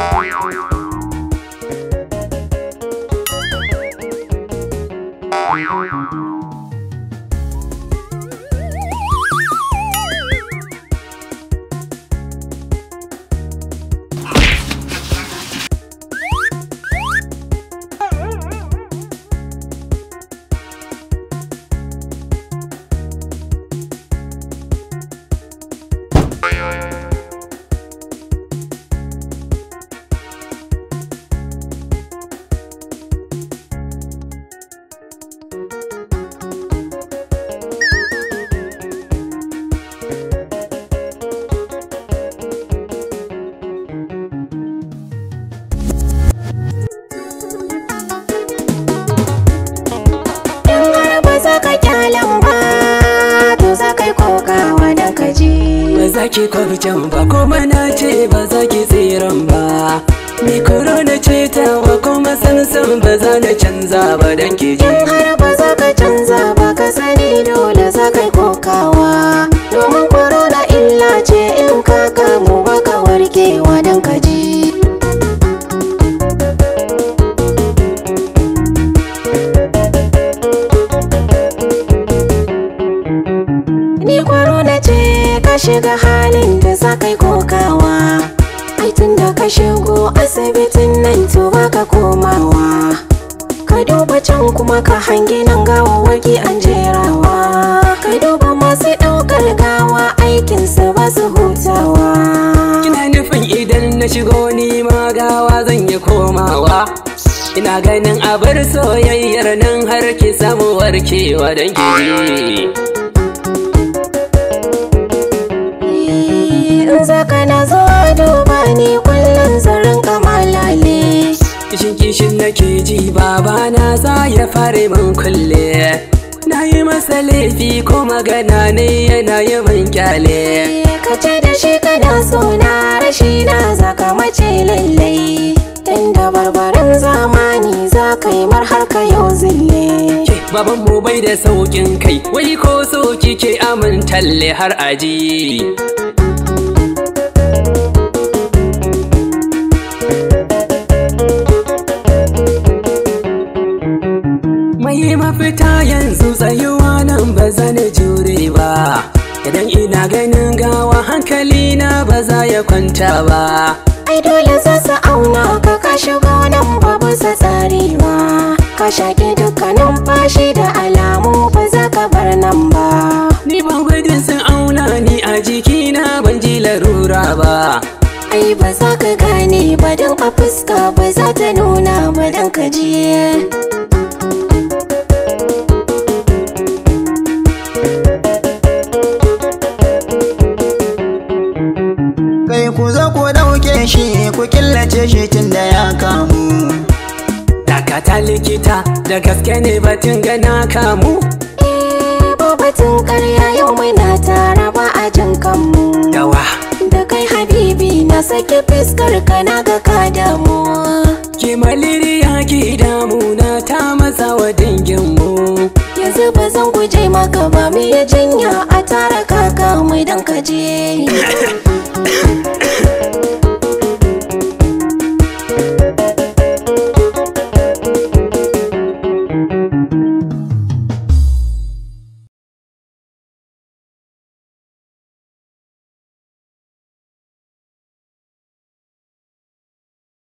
Thank you. zaki can ba kuma na ce ba zaki tsiran ba Ni koro na ce wa kuma sansan ba za na canza ba don ke ji har ba za ka canza ba ka sani dole za ka kokawa shiga halin da za kai kokawa ai tun da ka shigo asibitin nan to baka komawa ka duba can kuma ka hangi nan gawawaki an jerawa ka duba masu ɗaukar gawa aikin su ba su hutawa kina nufin idan na shigo ni ma gawa zan yi komawa ina ganin abar soyayyar nan har ki samu warkewa don ki kishin kishin nake ji baba na za ya fare min kulle na yi masa laifi ko magana ne yana yi min kyale eh, ka ce da shi ka so na rashi na za ka mace lallai inda barbarin zamani za ka yi mar har ka yau zille baban mu bai da saukin kai wai ko so kike amintalle har aji yanzu tsayuwa nan ba zane jure ba idan ina ganin gawa hankali na ba za ya kwanta ba ai dole za su auna ka ka shigo nan babu sa tsari ba ka shaƙi dukkanin fashi da alamu ba za ka bar nan ba ni ban gudun sun auna ni a jikina ban ji larura ba ai ba za ka gane ba don a fuska ba za ta nuna ba don ka je ku killace shi tun da ya kamu dakata likita da gaske ne batun gana kamu eh, batun karya yau mai na tara ba a jin kanmu da kai habibi na sake fiskar ka na ga ka damu ki maliriya ki damu na ta matsa wa danginmu yanzu ba zan guje maka ba mu ya janya a tara kaka mu dan kaje